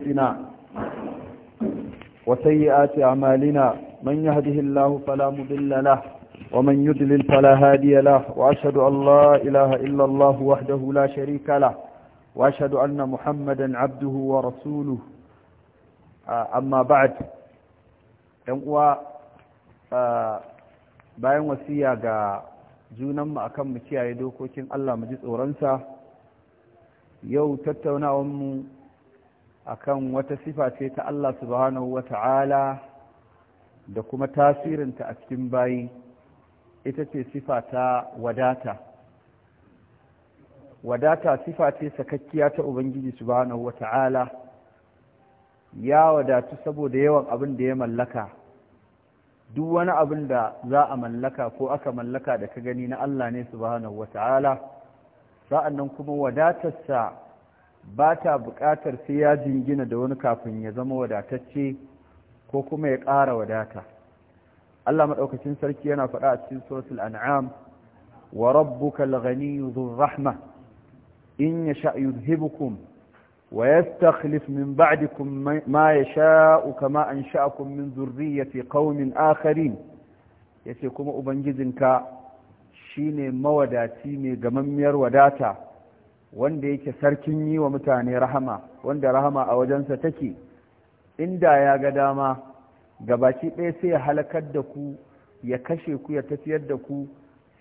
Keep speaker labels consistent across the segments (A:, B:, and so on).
A: أنفسنا وسيئات أعمالنا من يهده الله فلا مضل له ومن يدلل فلا هادي له وأشهد أن لا إله إلا الله وحده لا شريك له وأشهد أن محمدا عبده ورسوله أما بعد ينقوى bayan wasiya ga junanmu akan mu kiyaye dokokin Allah mu ji tsoronsa yau tattaunawanmu akan wata sifa ce ta Allah subhanahu wata'ala da kuma tasirinta a cikin bayi ita ce sifa ta wadata wadata sifa ce sakakkiya ta ubangiji subhanahu wata'ala ya wadatu saboda yawan abin da ya mallaka duk wani abin da za a mallaka ko aka mallaka da ka gani na Allah ne subhanahu wata'ala sa'annan kuma wadatarsa ba ta buƙatar sai ya jingina da wani kafin ya zama wadatacce ko kuma ya ƙara wadata Allah madaukakin sarki yana faɗa a cikin suratul an'am wa rabbuka al-ghaniyyu dhur-rahma in yasha yuzhibukum wa yastakhlif min ba'dikum ma yasha'u kama ansha'akum min dhurriyyati qaumin akharin yace kuma ubangijinka shine mawadaci ne gamammiyar wadata wanda yake sarkin yi wa mutane rahama wanda rahama a wajensa take inda ya ga dama ga baki ɗaya sai ya halakar da ku ya kashe ku ya tafiyar da ku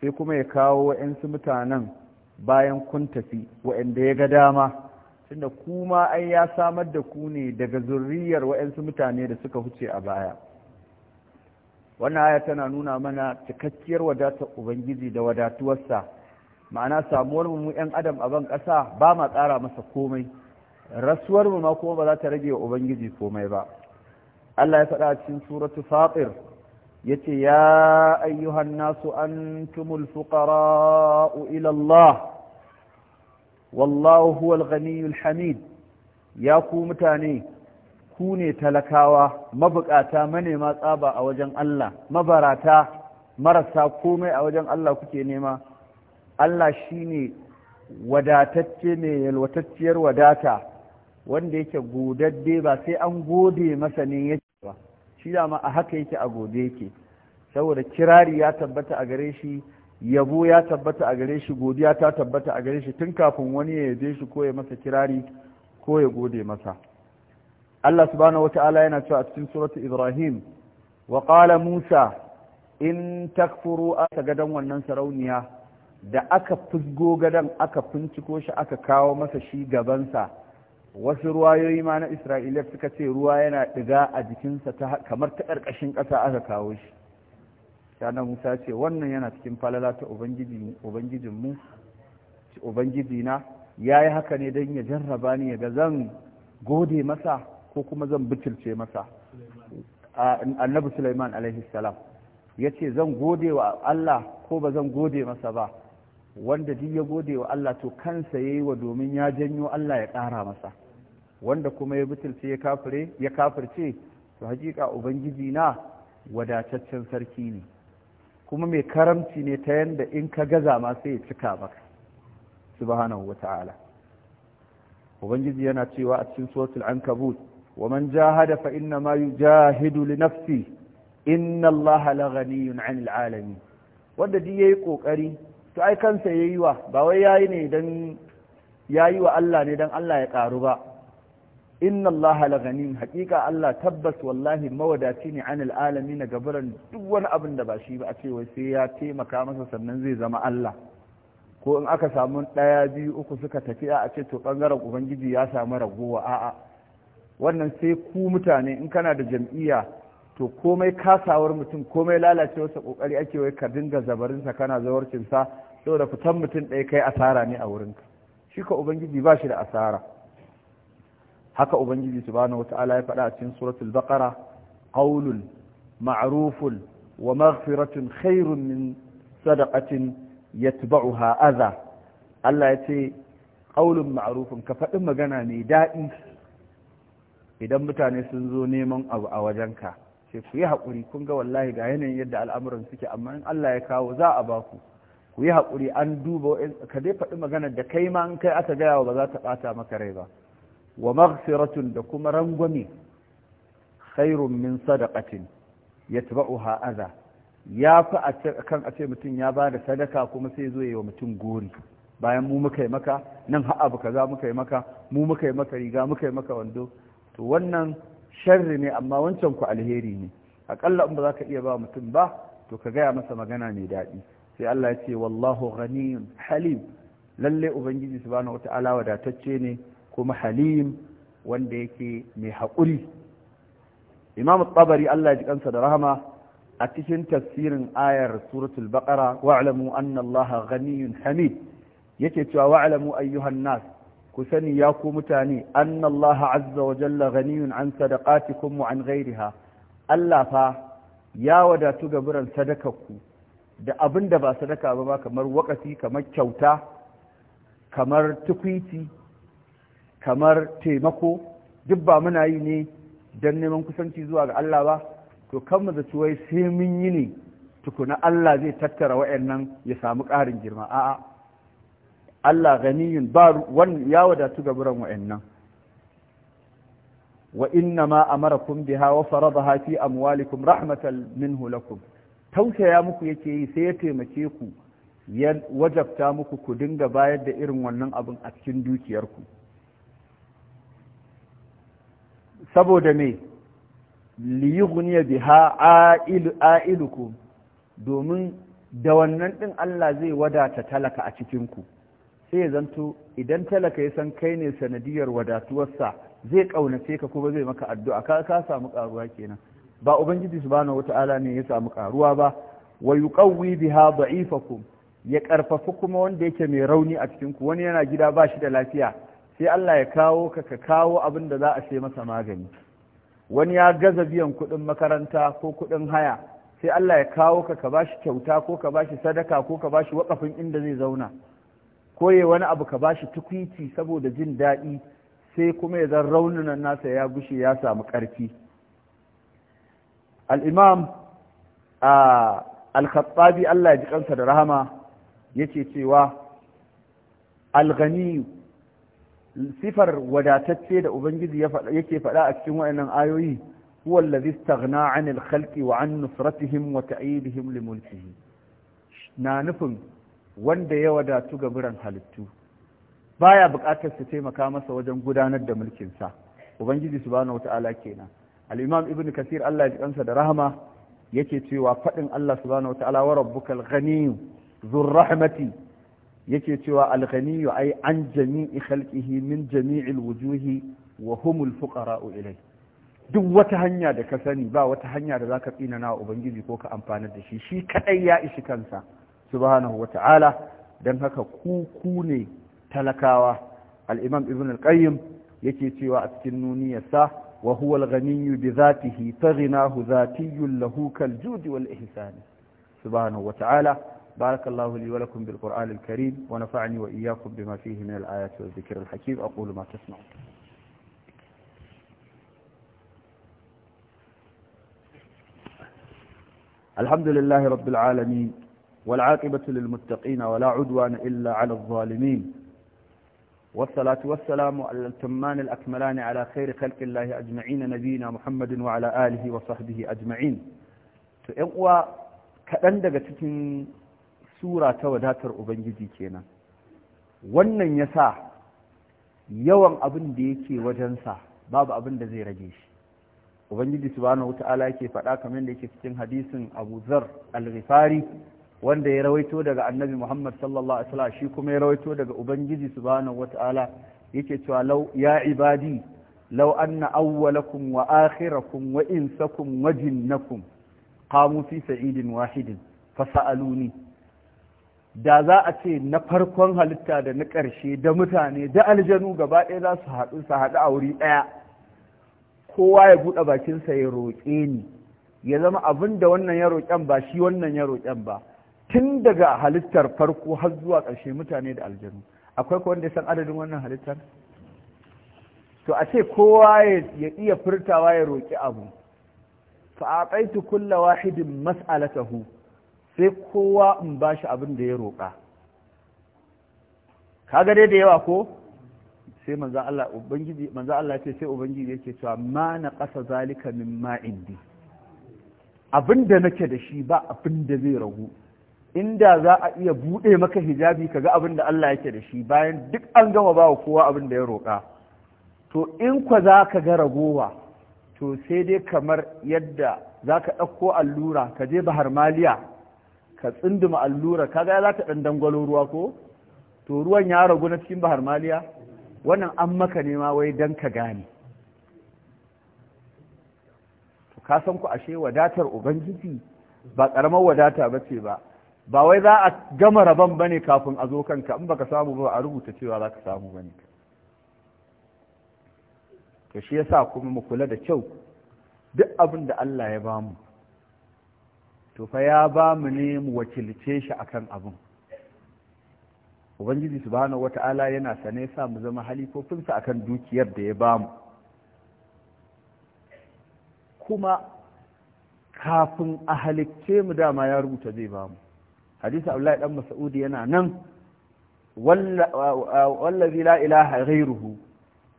A: sai kuma ya kawo wa'yansu mutanen bayan kun tafi wa'yanda ya ga dama tunda kuma ai ya samar da ku ne daga zurriyar wa'yansu mutane da suka huce a baya wannan aya tana nuna mana cikakkiyar wadatar ubangiji da wadatuwarsa ma'ana samuwar mu yan adam a ban ƙasa ba ma ƙara masa komai rasuwar mu ma kuma ba za ta rage wa ubangiji komai ba Allah ya faɗa a cikin suratu fatir yace ya ayyuhan nasu antumul fuqara'u ila Allah wallahu huwal ghaniyul hamid ya ku mutane ku ne talakawa mabukata manema tsaba a wajen Allah mabarata marasa komai a wajen Allah kuke nema Allah shi ne wadatacce ne yalwatacciyar wadata wanda yake godadde ba sai an gode masa ne yake ba shi dama a haka yake a gode yake saboda kirari ya tabbata a gare shi yabo ya tabbata a gare shi godiya ta tabbata a gare shi tun kafin wani ya yabe shi ko ya masa kirari ko ya gode masa Allah subhanahu wata'ala yana cewa a cikin suratu Ibrahim wa qala Musa in takfuru a gadan wannan sarauniya da aka fusgo gadon aka finciko shi aka kawo masa shi gabansa wasu ruwayoyi ma na isra'ila suka ce ruwa yana ɗiga a jikinsa kamar ta ƙarƙashin ƙasa aka kawo shi shanar musa ce wannan yana cikin falala ta ubangijinmu ubangijina ya yi haka ne don ya jarraba ni ga zan gode masa ko kuma zan bicirce masa annabi suleiman alaihi salam ya ce zan gode wa allah ko ba zan gode masa ba wanda duk ya gode wa Allah to kansa yayi wa domin ya janyo Allah ya ƙara masa wanda kuma ya butulce ya kafire ya kafirce to hakika ubangiji na wadataccen sarki ne kuma mai karamci ne ta yanda in ka gaza ma sai ya cika maka subhanahu wata'ala ubangiji yana cewa a cikin suratul ankabut wa man jahada fa inna ma yujahidu li nafsi inna allaha la 'anil alamin wanda duk yayi kokari to ai kansa yi wa ba wai yayi ne dan yayi wa Allah ne don Allah ya karu ba inna Allah laganin haƙiƙa Allah tabbas wallahi mawadaci ne an al'alami na gabaran duk wani abin da ba shi ba a ce wai sai ya taimaka masa sannan zai zama Allah ko in aka samu ɗaya biyu uku suka tafi a ce to ɓangaren ubangiji ya samu ragowa a'a wannan sai ku mutane in kana da jam'iyya to komai kasawar mutum komai lalacewarsa ƙoƙari ake wai ka dinga zabarinsa kana zawarcinsa saboda fitan mutum ɗaya kai asara ne a wurinka shi ka ubangiji ba shi da asara haka ubangiji subhanahu wata'ala ya faɗa a cikin suratul baqara qaulun wa maghfiratun khairun min sadaqatin yatba'uha adha Allah ya ce qaulun ma'rufun ka faɗi magana mai daɗi idan mutane sun zo neman abu a wajenka sai ku yi haƙuri kun ga wallahi ga yanayin yadda al'amuran suke amma in Allah ya kawo za a baku ku yi haƙuri an duba ka dai faɗi magana da kai ma an kai aka gaya wa ba za ta ɓata maka rai ba wa maghfiratun da kuma Rangwami khairun min sadaqatin yatba'uha adha ya fi a kan a ce mutum ya ba da sadaka kuma sai zo yi wa mutum gori bayan mu muka yi maka nan ha abu kaza muka yi maka mu muka yi maka riga muka yi maka wando to wannan sharri ne amma wancan ku alheri ne aƙalla in ba za ka iya ba mutum ba to ka gaya masa magana mai daɗi sai Allah ya ce wallahu ghaniyun halim lalle ubangiji subhanahu wata'ala wadatacce ne kuma halim wanda yake mai haƙuri imam tabari Allah ya ji kansa da rahama a cikin tafsirin ayar suratul baqara wa'lamu anna allaha ghaniyun hamid yake cewa wa'lamu ayyuhan nas ku sani ya ku mutane anna allaha azza wa jalla ghaniyun an sadaqatikum wa an ghayriha Allah fa ya wadatu gaburan sadakarku da abin da ba sadaka ba kamar wakati kamar kyauta kamar tukwiti kamar taimako duk ba muna yi ne don neman kusanci zuwa ga Allah ba to kan mu wai sai mun yi ne tukuna Allah zai tattara wayannan ya samu ƙarin girma a'a Allah ganiyun ba wani ya wadatu ga buran wayannan wa inna ma amarakum biha wa faradaha fi amwalikum rahmatan minhu lakum tausaya muku yake yi sai ya taimake ku ya wajabta muku ku dinga bayar da irin wannan abin a cikin dukiyarku saboda me liyughniya biha a'ilukum domin da wannan din Allah zai wadata talaka a cikin ku sai ya zanto idan talaka ya san kai ne sanadiyar wadatuwarsa zai ƙaunace ka kuma zai maka addu'a ka ka samu karuwa kenan ba ubangiji subhanahu wata'ala ne ya samu karuwa ba wa yuqawwi biha da'ifakum ya karfafa kuma wanda yake mai rauni a cikin ku wani yana gida ba shi da lafiya sai Allah ya kawo ka ka kawo abin da za a sai masa magani wani ya gaza biyan kuɗin makaranta ko kuɗin haya sai Allah ya kawo ka ka ba shi kyauta ko ka ba shi sadaka ko ka ba shi wakafin inda zai zauna ko ya wani abu ka ba shi tukwici saboda jin daɗi sai kuma ya zan nasa ya gushe ya samu ƙarfi al'imam a khattabi Allah ji kansa da rahama yake cewa alganiyu sifar wadatacce da ubangiji yake faɗa a cikin wayannan ayoyi huwa allazi na 'an halki, wa 'an nufratihim wa ta'idihim li na nufin wanda ya wadatu ga biran halittu baya buƙatar su taimaka masa wajen gudanar da mulkinsa ubangiji su wata ala kenan alimam ibn kasir Allah ya ji da rahama yake cewa faɗin Allah subhanahu wata'ala wa rabbukal ghani zur rahmati yake cewa al ai an jami'i khalqihi min jami'il wujuhi wa humul fuqara'u ilai duk wata hanya da ka sani ba wata hanya da za ka tsina na ubangiji ko ka amfana da shi shi kaɗai ya ishi kansa subhanahu ta'ala dan haka ku ku ne talakawa al-imam ibn al-qayyim yake cewa a cikin nuniyarsa وهو الغني بذاته فغناه ذاتي له كالجود والإحسان سبحانه وتعالى بارك الله لي ولكم بالقرآن الكريم ونفعني وإياكم بما فيه من الآيات والذكر الحكيم أقول ما تسمعون الحمد لله رب العالمين والعاقبة للمتقين ولا عدوان إلا على الظالمين والصلاة والسلام على التمان الأكملان على خير خلق الله أجمعين نبينا محمد to yan uwa kaɗan daga cikin sura ta wadatar Ubangiji kenan. wannan ya sa yawan abin da yake wajensa babu abin da zai rage shi ubangiji subhanahu wata'ala yake faɗa kamar da yake cikin hadisin abu zar al-ghifari wanda ya rawaito daga annabi Muhammad sallallahu alaihi wasallam shi kuma ya rawaito daga ubangiji subhanahu wataala yake cewa law ya ibadi law anna awwalakum wa akhirakum wa insakum wa jinnakum qamu fi sa'idin wahidin fasaluni da za a ce na farkon halitta da na ƙarshe da mutane da aljanu gaba ɗaya za su haɗu su haɗu a wuri ɗaya kowa ya buɗe bakinsa ya roƙe ni ya zama abin da wannan ya roƙen ba shi wannan ya roƙen ba tun daga halittar farko har zuwa ƙarshe mutane da aljanu akwai kowanda wanda ya san adadin wannan halittar to a ce kowa ya iya furtawa ya roƙi abu fa aqaitu kulla wahidin mas'alatahu sai kowa in bashi abin da ya roƙa kaga dai da yawa ko sai manzan Allah ubangiji manzan Allah ya ce sai ubangiji yake cewa ma na qasa zalika mimma indi da nake da shi ba abin da zai ragu inda za a iya buɗe maka hijabi ka ga abin da Allah yake da shi bayan duk an gama ba kowa abin da ya roƙa to in kwa za ka ga ragowa to sai dai kamar yadda za ka ɗauko allura ka je bahar maliya ka tsinduma allura ka ga za ta ɗan dangwalo ruwa ko to ruwan ya ragu na cikin bahar maliya wannan an maka nema wai don ka gane to ka san ku ashe wadatar ubangiji ba ƙaramar wadata ba ce ba ba wai za a gama rabon bane kafin a zo kanka in baka samu ba a rubuta cewa za ka samu bane to shi yasa kuma mu kula da kyau duk abin da Allah ya bamu to fa ya bamu ne mu wakilce shi akan abin ubangiji subhanahu wata'ala yana sane sa mu zama halifofinsa akan dukiyar da ya bamu kuma kafin a halicce mu dama ya rubuta zai bamu hadisi abdullahi dan mas'ud yana nan wallazi la ilaha ghayruhu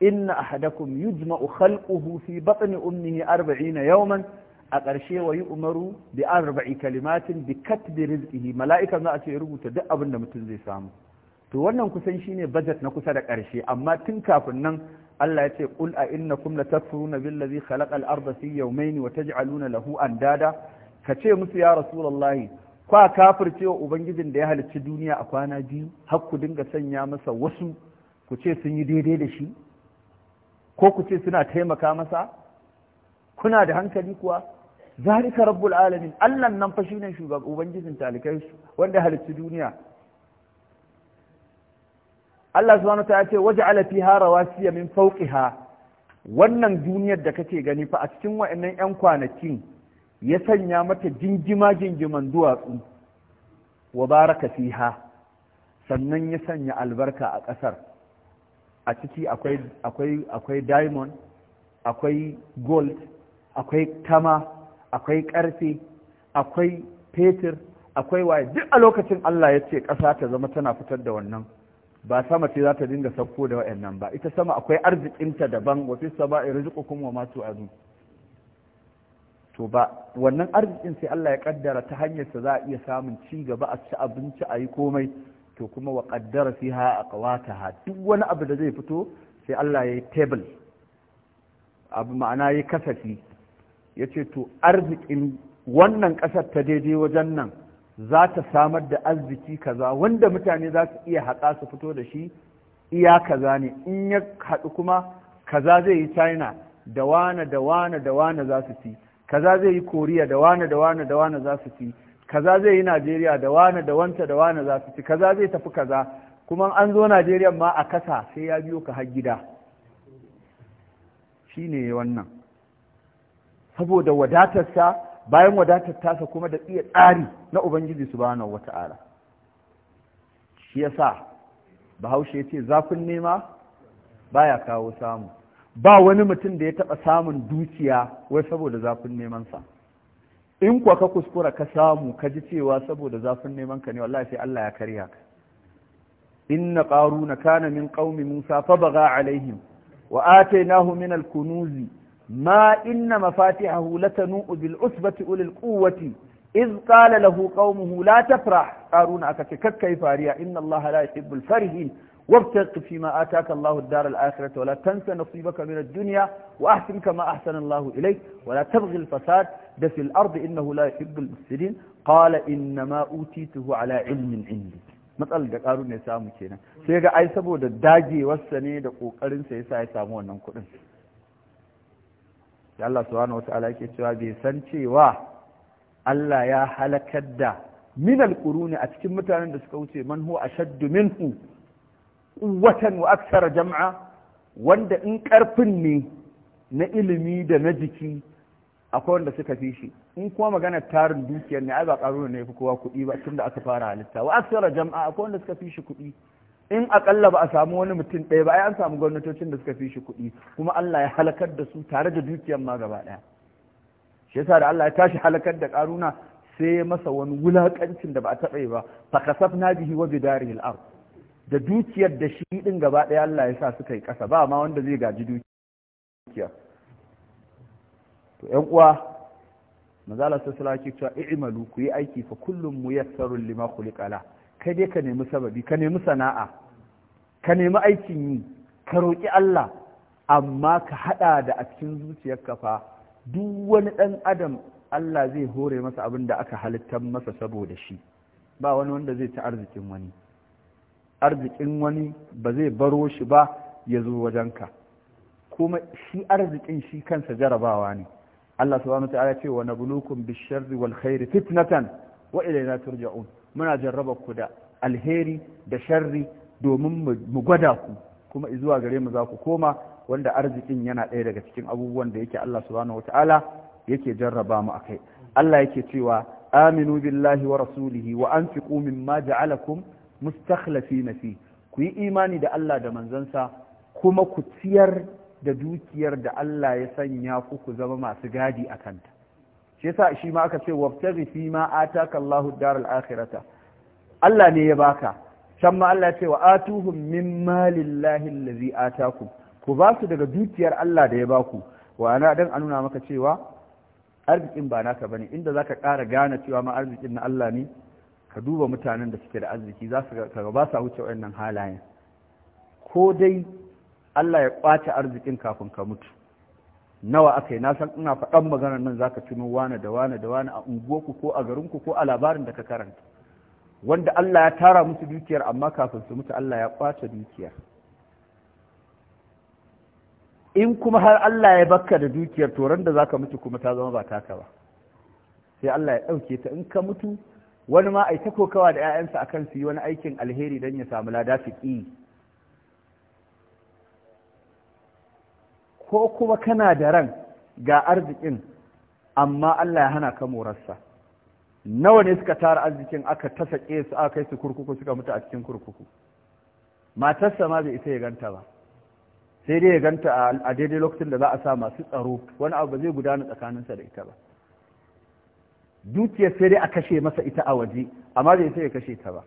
A: inna ahadakum yujma'u khalquhu fi batni ummihi 40 yawman a ƙarshe wa yi umaru bi arba'i kalimatin bi katbi rizqihi mala'ika za a ce rubuta duk abin da mutum zai samu to wannan kusan shine budget na kusa da ƙarshe amma tun kafin nan Allah ya ce qul a innakum latakfuruna billazi khalaqa al-arda fi yawmayn wa taj'aluna lahu andada kace musu ya rasulullahi kwa kafircewa ubangijin da ya halicci duniya a kwana biyu hakku dinga sanya masa wasu ku ce sun yi daidai da shi ko ku ce suna taimaka masa kuna da hankali kuwa zalika rabbul alamin Allah nan fa shine shugaban ubangijin talikai wanda halicci duniya Allah subhanahu ya ce waj'ala fiha rawasiya min fawqiha wannan duniyar da kake gani fa a cikin wa'annan yan kwanakin ya sanya mata jingima jinjiman duwatsu wa baraka fiha sannan ya sanya albarka a ƙasar a ciki akwai diamond akwai gold akwai kama akwai ƙarfe akwai fetur akwai waye duk a lokacin Allah ya ce ƙasa ta zama tana fitar da wannan ba sama ce za ta dinga sauko da waɗannan ba ita sama akwai arzikinta daban wa fi sama'i rizqukum wa ma tu'adun to ba wannan arzikin sai Allah ya kaddara ta hanyar hanyarsa za a iya samun ci gaba a ci abinci a yi komai to kuma wa kaddara fi ha a kawata ha duk wani abu da zai fito sai Allah ya yi table abu ma'ana ya kasafi ya ce to arzikin wannan ƙasar ta daidai wajen nan za ta samar da arziki kaza wanda mutane za su iya haƙa su fito da shi iya kaza ne in ya haɗu kuma kaza zai yi china dawana, dawana, da wane da za su ci kaza zai yi koriya da wane da wane da wane za su ci kaza zai yi najeriya da wane da wanta da wane za su ci kaza zai tafi kaza kuma an zo najeriya ma a kasa sai ya biyo ka har gida shi ne wannan saboda wadatarsa bayan wadatar tasa kuma da tsiya tsari na ubangiji subhanahu wata'ala shi yasa bahaushe ya ce zafin nema baya kawo samu ba wani mutum da ya taɓa samun dukiya wai saboda zafin nemansa. in kuwa ka kuskura ka samu ka ji cewa saboda zafin neman ka ne wallahi sai Allah ya karya ka inna qaruna kana min qaumi musa fa baga alaihim wa atainahu min al-kunuz ma inna mafatihahu latanu bil usbati ulil quwwati iz qala lahu qaumuhu la tafrah qaruna aka ce kakkai fariya inna Allah la yuhibbul farihin وابتغ فيما آتاك الله الدار الآخرة ولا تنس نصيبك من الدنيا وأحسن كما أحسن الله إليك ولا تبغي الفساد ده في الأرض إنه لا يحب المفسدين قال إنما أوتيته على علم عندي matsalar da ƙaru ne samu kenan sai ga ai saboda dagewarsa ne da ƙoƙarinsa yasa ya samu wannan kuɗin da Allah subhanahu wa ta'ala yake cewa bai san cewa Allah ya halakar da minal quruni a cikin mutanen da suka wuce man huwa ashaddu minhu watan wa aksara jama'a wanda in karfin ne na ilimi da na jiki akwai wanda suka fi shi in kuma magana tarin dukiyar ne ai ba karo ne fi kowa kuɗi ba tun aka fara halitta wa aksara jama'a akwai wanda suka fi shi kuɗi in akalla ba a samu wani mutum ɗaya ba ai an samu gwamnatocin da suka fi shi kuɗi kuma Allah ya halakar da su tare da dukiyar ma gaba ɗaya shi yasa da Allah ya tashi halakar da karuna sai ya masa wani wulakancin da ba a taɓa yi ba fa kasafna bihi wa bidarihi al-ard da dukiyar da shi din gaba ɗaya Allah ya sa suka yi ƙasa ba ma wanda zai gaji dukiyar to ƴan uwa manzala sallallahu alaihi cewa i'malu ku yi aiki fa kullum muyassarun lima khuliqa la kai dai ka nemi sababi ka nemi sana'a ka nemi aikin yi ka roƙi Allah amma ka haɗa da a cikin zuciyarka fa duk wani ɗan adam Allah zai hore masa abin da aka halittar masa saboda shi ba wani wanda zai ci arzikin wani arzikin wani ba zai baro shi ba ya zo wajenka kuma shi arzikin shi kansa jarabawa ne Allah subhanahu wa ta'ala ce wa nabluukum bish-sharri wal khairi fitnatan wa ilayna turja'un muna jarraba ku da alheri da sharri domin mu gwada ku kuma zuwa gare mu za ku koma wanda arzikin yana ɗaya daga cikin abubuwan da yake Allah subhanahu wa ta'ala yake jarraba mu akai Allah yake cewa aminu billahi wa rasulihi wa anfiqu mimma ja'alakum na fi ku yi imani da Allah da manzansa kuma ku ciyar da dukiyar da Allah ya sanya ku ku zama masu gadi a kanta shi yasa shi ma aka ce wabtaghi fi ma ataka Allahu daral akhirata Allah ne ya baka can ma Allah ya ce wa atuhum min malillahi allazi atakum ku ba su daga dukiyar Allah da ya baku wa ana dan an nuna maka cewa arzikin ba naka bane inda zaka ƙara gane cewa ma arzikin na Allah ne ka duba mutanen da suke da arziki za su ga ba sa wuce wayannan halayen ko dai Allah ya kwace arzikin kafin ka mutu nawa akai yi na san ina faɗan maganar nan zaka tuno wane da wane da wane a unguwarku ko a garinku ko a labarin da ka karanta wanda Allah ya tara musu dukiyar amma kafin su mutu Allah ya kwace dukiyar in kuma har Allah ya bakka da dukiyar to ran da zaka mutu kuma ta zama ba taka ba sai Allah ya ɗauke ta in ka mutu wani ma kokawa da 'ya'yansa kan su yi wani aikin alheri don ya samu lada su ko kuma kana da ran ga arzikin amma Allah ya hana ka morarsa nawa ne suka tara arzikin aka ta sake su aka kai su kurkuku suka mutu a cikin kurkuku matarsa ma bai isa ya ganta ba sai dai ya ganta a daidai lokacin da za a sa masu tsaro wani abu ba zai gudana tsakaninsa da ita ba dukiyar sai dai a kashe masa ita a waje amma bai sai ya kashe ta ba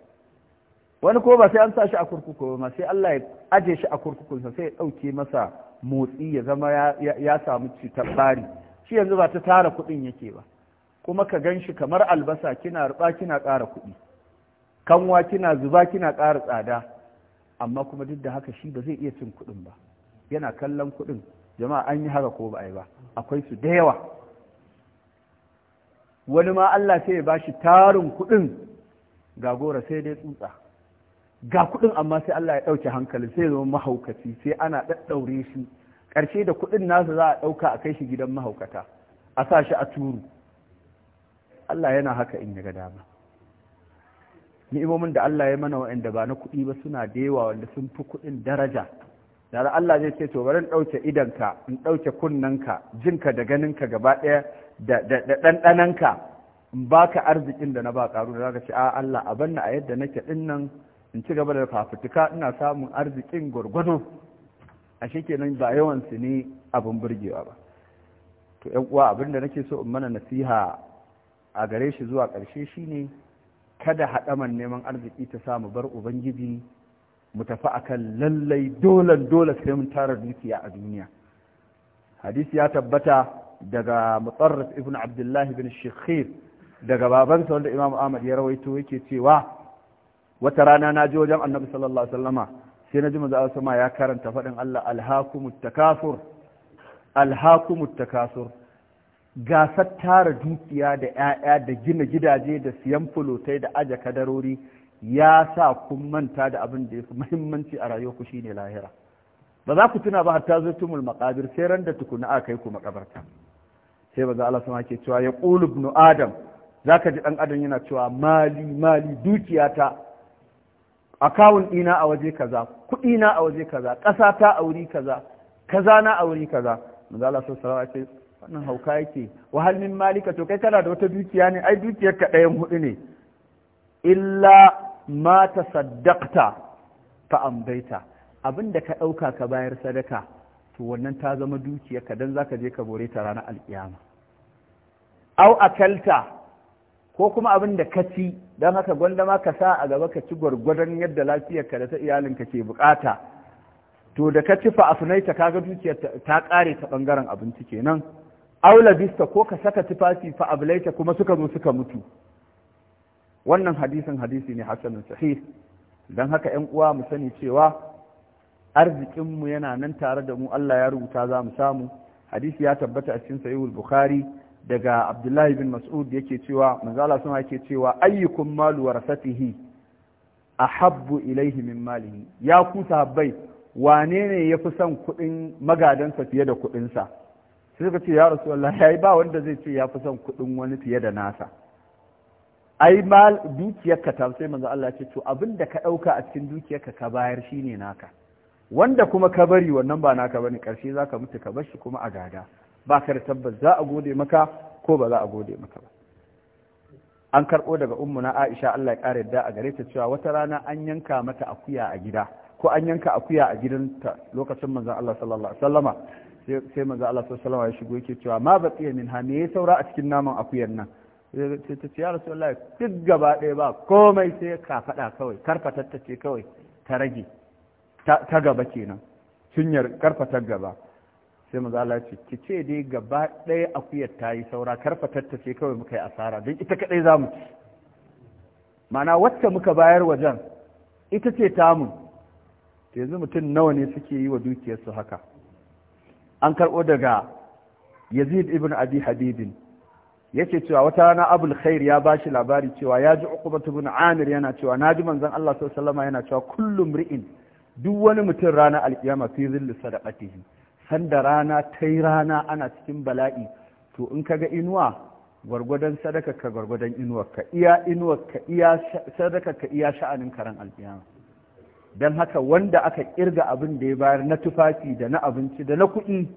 A: wani ko ba sai an sa shi a kurkuku ba sai Allah ya aje shi a sa, sai ya dauke masa motsi ya zama ya samu cutar bari shi yanzu ba ta tara kuɗin yake ba kuma ka gan shi kamar albasa kina ruba kina ƙara kuɗi kanwa kina zuba kina ƙara tsada amma kuma duk da haka shi ba zai iya cin kuɗin ba yana kallon kuɗin jama'a an yi haka ko ba a yi ba akwai su da yawa wani ma Allah sai ya ba shi tarin kuɗin ga gora sai dai tsutsa ga kuɗin amma sai Allah ya ɗauke hankali sai zama mahaukaci sai ana ɗaɗɗaure shi ƙarshe da kuɗin nasa za a ɗauka a kai shi gidan mahaukata a sa shi a turu Allah yana haka in ya ga dama ni'imomin da Allah ya mana wa'anda ba na kuɗi ba suna da yawa wanda sun fi kuɗin daraja da Allah zai ce to bari in ɗauke idanka in ɗauke kunnanka jinka da ganinka gaba ɗaya da ɗanɗananka in ka arzikin da na ba ƙaru da ka ce ah, a Allah abin na a yadda nake ɗin nan in ci gaba da fafutuka ina samun arzikin gwargwado a kenan ba yawan su ne abin burgewa ba to ƴan uwa abin da nake so in mana nasiha a gare shi zuwa ƙarshe ne kada haɗaman neman arziki ta samu bar ubangiji mu tafi akan lallai dole dole sai mun tara dukiya a duniya hadisi ya tabbata daga mutsarrif ibn Abdullahi bin shikhir daga babansa wanda imam ahmad ya rawaito yake cewa wata rana na ji wajen annabi sallallahu alaihi wasallama sai na ji manzo sama ya karanta faɗin Allah alhaakumut takasur takasur gasar tara dukiya da 'ya'ya da gina gidaje da siyan fulotai da aje kadarori ya sa kun manta da abin da ya fi muhimmanci a rayuwarku shine lahira ba za ku tuna ba har ta zo tumul maqabir sai ran da tukuna aka kai ku makabarta sai ba za Allah sama ke cewa ya qulu ibn adam zaka ji dan adam yana cewa mali mali dukiyata akawun ɗina a waje kaza kuɗi na a waje kaza ƙasa ta a wuri kaza kaza na a wuri kaza manzo Allah sallallahu alaihi wasallam wannan hauka yake wahal min malika to kai kana da wata dukiya ne ai dukiyar ka ɗayan hudu ne illa ma tasaddaqta fa ambaita abin da ka ɗauka ka bayar sadaka to wannan ta zama dukiyarka don za ka je ka bore ta ranar alƙiyama au akalta ko kuma abin da ka ci don haka gwandama ka sa a gaba ka ci gwargwadon yadda lafiyarka da ta iyalinka ke bukata to da ka ci fa'afunaita kaga dukiyar ta kare ta bangaren abinci kenan aula bista ko ka saka tufafi ablaita kuma suka zo suka mutu wannan hadisin hadisi ne hasanun sahih don haka yan uwa mu sani cewa arzikinmu yana nan tare da mu Allah ya rubuta za mu samu hadisi ya tabbata a cikin sahihul bukhari daga abdullahi bin mas'ud yake cewa manzo Allah sama yake cewa ayyukum malu warasatihi ahabbu ilayhi min malihi ya ku sahabbai wane ne ya fi son kuɗin magadansa fiye da kuɗinsa sai suka ce ya rasulullah ba wanda zai ce ya fi son kuɗin wani fiye da nasa ai mal dukiyarka ta sai manzo Allah ya ce to abinda ka ɗauka a cikin dukiyarka ka bayar shine naka wanda kuma ka bari wannan ba naka bane karshe zaka mutu ka bar shi kuma a gada ba ka da tabbas za a gode maka ko ba za a gode maka ba an karbo daga ummuna Aisha Allah ya ƙara yadda a gare ta cewa wata rana an yanka mata akuya a gida ko an yanka akuya a gidanta lokacin manzon Allah sallallahu alaihi wasallama sai manzon Allah sallallahu alaihi wasallama ya shigo yake cewa ma baqiya min ha me ya saura a cikin naman akuyar nan sai ta ce ya duk gaba ɗaya ba komai sai ka faɗa kawai karfa tattace ce kawai ta rage ta gaba kenan cinyar karfa ta gaba sai maza Allah ce ki ce dai gaba ɗaya akuyar ta yi saura karfa tattace kawai muka yi asara don ita kaɗai za mu ci mana wacce muka bayar wajen ita ce tamu yanzu mutum nawa ne suke yi wa dukiyarsu haka an karɓo daga yazid ibn abi habibin yake cewa wata rana abul khair ya bashi labari cewa ya ji uqbatu ibn amir yana cewa Na ji manzon Allah sallallahu alaihi wasallam yana cewa kullum ri'in duk wani mutum rana alkiyama fi zillu sadaqatihi sanda rana ta yi rana ana cikin bala'i to in kaga inuwa gwargwadon sadaka ka gwargwadon inuwar ka iya inuwar ka iya sadaka ka iya sha'anin karan alkiyama don haka wanda aka ƙirga abin da ya bayar na tufafi da na abinci da na kuɗi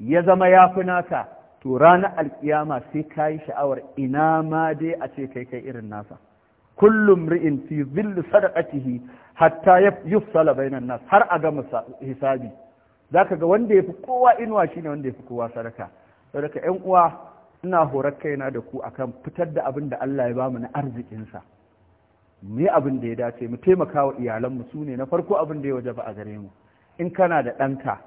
A: ya zama ya fi naka to ranar alƙiyama sai ka yi sha'awar ina ma dai a ce kai kai irin nasa kullum ri'in fi zillu sadaqatihi hatta yufsala bainan nas har a ga hisabi zaka ga wanda yafi kowa inuwa shine wanda yafi kowa sadaka sadaka ƴan uwa ina horar kaina da ku akan fitar da abin da Allah ya bamu na arzikin sa mu yi abin da ya dace mu taimaka wa iyalan mu sune na farko abin da ya ba a gare mu in kana da ɗanka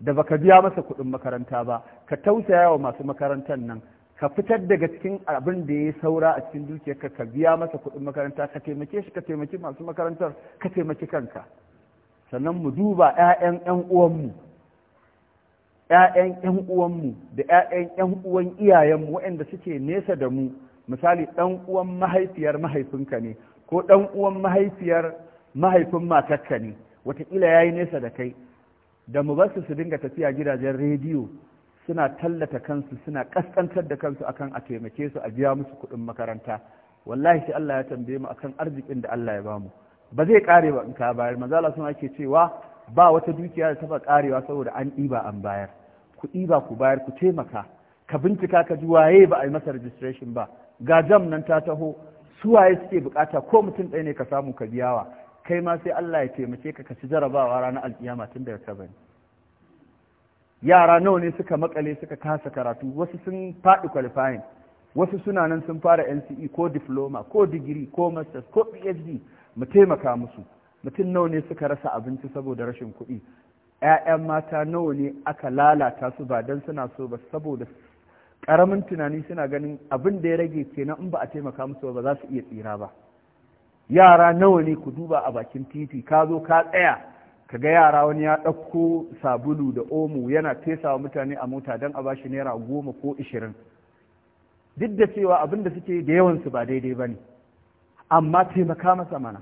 A: da baka biya masa kuɗin makaranta ba ka tausaya wa masu makarantar nan ka fitar daga cikin abin da ya saura a cikin dukiyarka ka biya masa kuɗin makaranta ka taimake shi ka taimaki masu makarantar ka taimaki kanka sannan mu duba 'ya'yan 'yan uwanmu ‘ya'yan ‘yan uwanmu da ‘ya'yan ‘yan uwan iyayenmu waɗanda suke nesa da mu misali ɗan uwan mahaifiyar mahaifinka ne ko ɗan uwan mahaifiyar mahaifin matarka ne Watakila ya yi nesa da kai da mu su su dinga tafiya gidajen rediyo suna tallata kansu suna kaskantar da kansu akan a taimake su a biya musu kuɗin makaranta wallahi sai Allah ya tambaye mu akan arzikin da Allah ya bamu ba zai kare ba in ka bayar manzo Allah sun ake cewa ba wata dukiya da taba karewa saboda an ɗiba an bayar ku ɗiba ku bayar ku taimaka ka bincika ka ji waye ba a yi masa registration ba ga jam nan ta taho su waye suke bukata ko mutum ɗaya ne ka samu ka biyawa kai ma sai Allah ya taimake ka ka ci jarabawa ranar alkiyama tun daga ka yara nawa ne suka makale suka kasa karatu wasu sun faɗi kwalifayin wasu suna nan sun fara NCE ko diploma ko digiri ko masters ko PhD mu taimaka musu mutum nawa ne suka rasa abinci saboda rashin kuɗi ‘ya'yan mata nawa ne aka lalata su ba don suna so ba saboda ƙaramin tunani suna ganin abin da ya rage kenan in ba a taimaka musu ba za su iya tsira ba yara nawa ne ku duba a bakin titi ka zo ka tsaya Ka ga yara wani ya ɗauko sabulu da omo yana fesa wa mutane a mota don a bashi naira goma ko ishirin duk da cewa abin da suke da yawansu ba daidai ba ne amma taimaka masa mana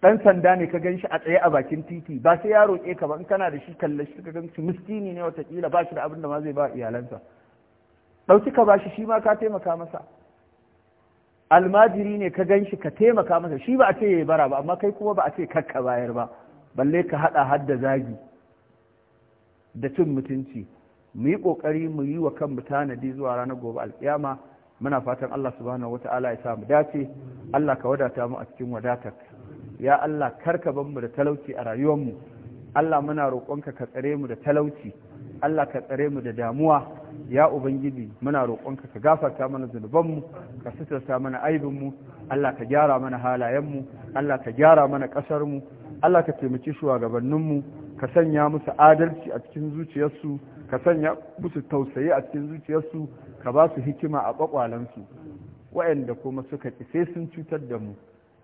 A: ɗan sanda ne ka gan shi a tsaye a bakin titi ba sai ya roƙe ka ba in kana da shi kalle shi ka gan shi miskini ne watakila ba shi da abin da ma zai ba iyalansa ɗauki ka ba shi shi ma ka taimaka masa almajiri ne ka gan shi ka taimaka masa shi ba a ce ya bara ba amma kai kuma ba a ce kakka bayar ba balle ka haɗa hadda zagi da cin mutunci mu yi ƙoƙari mu yi wa kan mutane tanadi zuwa ranar gobe alkiyama muna fatan Allah subhanahu wata'ala ya mu dace Allah ka wadata mu a cikin wadatar ya Allah karka ban mu da talauci a rayuwar mu. Allah muna roƙonka ka tsare mu da talauci Allah ka tsare mu da damuwa ya ubangiji muna roƙonka ka gafarta mana zunubanmu ka suturta mana aibinmu Allah ka gyara mana halayenmu Allah ka gyara mana ƙasarmu Allah ka taimaki shugabanninmu ka sanya musu adalci a cikin zuciyarsu ka sanya musu tausayi a cikin zuciyarsu ka ba su hikima a ƙwaƙwalansu waɗanda kuma suka ƙi sai sun cutar da mu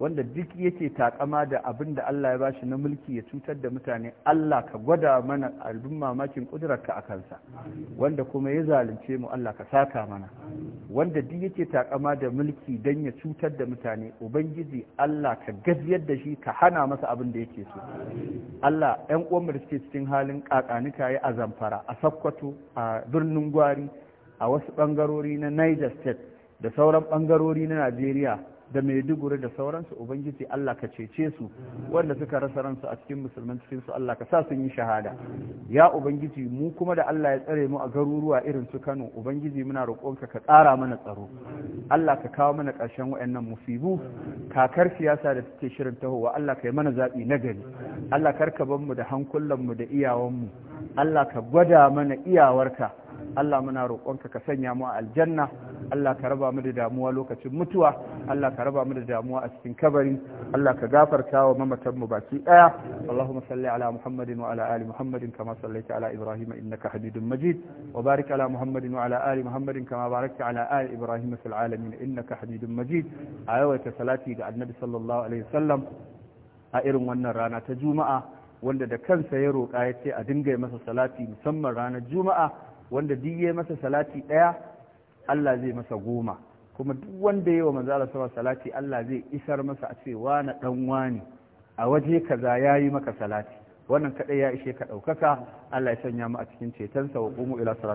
A: wanda duk yake takama da abin da Allah ya bashi na mulki ya cutar da mutane Allah ka gwada mana albin mamakin kudurarka a kansa wanda kuma ya zalunce mu Allah ka saka mana wanda duk yake takama da mulki don ya cutar da mutane ubangiji Allah ka gajiyar da shi ka hana masa abin da yake so Allah yan uwan da suke cikin halin kakanika yi a zamfara a sakkwato a birnin gwari a wasu bangarori na Niger State da sauran bangarori na Najeriya da maiduguri da sauransu ubangiji Allah ka cece su wanda suka rasa ransu a cikin musulman cikin su Allah ka sa sun yi shahada ya ubangiji mu kuma da Allah ya tsare mu a garuruwa irin su Kano ubangiji muna roƙonka ka tsara mana tsaro Allah ka kawo mana ƙarshen waɗannan musibu kakar siyasa da take shirin tahowa Allah ka yi mana zaɓi na gari Allah kar ka mu da hankulan mu da iyawan mu Allah ka gwada mana iyawarka Allah muna roƙonka ka sanya mu a aljanna Allah ka raba mu da damuwa lokacin mutuwa Allah ka raba mu da damuwa a cikin kabarin. Allah ka gafarta wa mamatan mu baki daya Allahumma salli ala Muhammadin wa ala ali Muhammadin kama sallaita ala Ibrahim innaka Hamidum Majid wa barik ala Muhammadin wa ala ali Muhammadin kama barakta ala ali Ibrahim fil alamin innaka Hamidum Majid ayawaita salati ga Annabi sallallahu alaihi wasallam a irin wannan rana ta Juma'a wanda da kansa ya roƙa ya ce a dinga masa salati musamman ranar Juma'a wanda duk ya masa salati ɗaya Allah zai masa goma kuma duk wanda ya wa manzo Allah sallallahu salati Allah zai isar masa a ce wani dan wani a waje kaza yayi maka salati wannan kaɗai ya ishe ka ɗaukaka, Allah ya sanya mu a cikin cetonsa wa qumu ila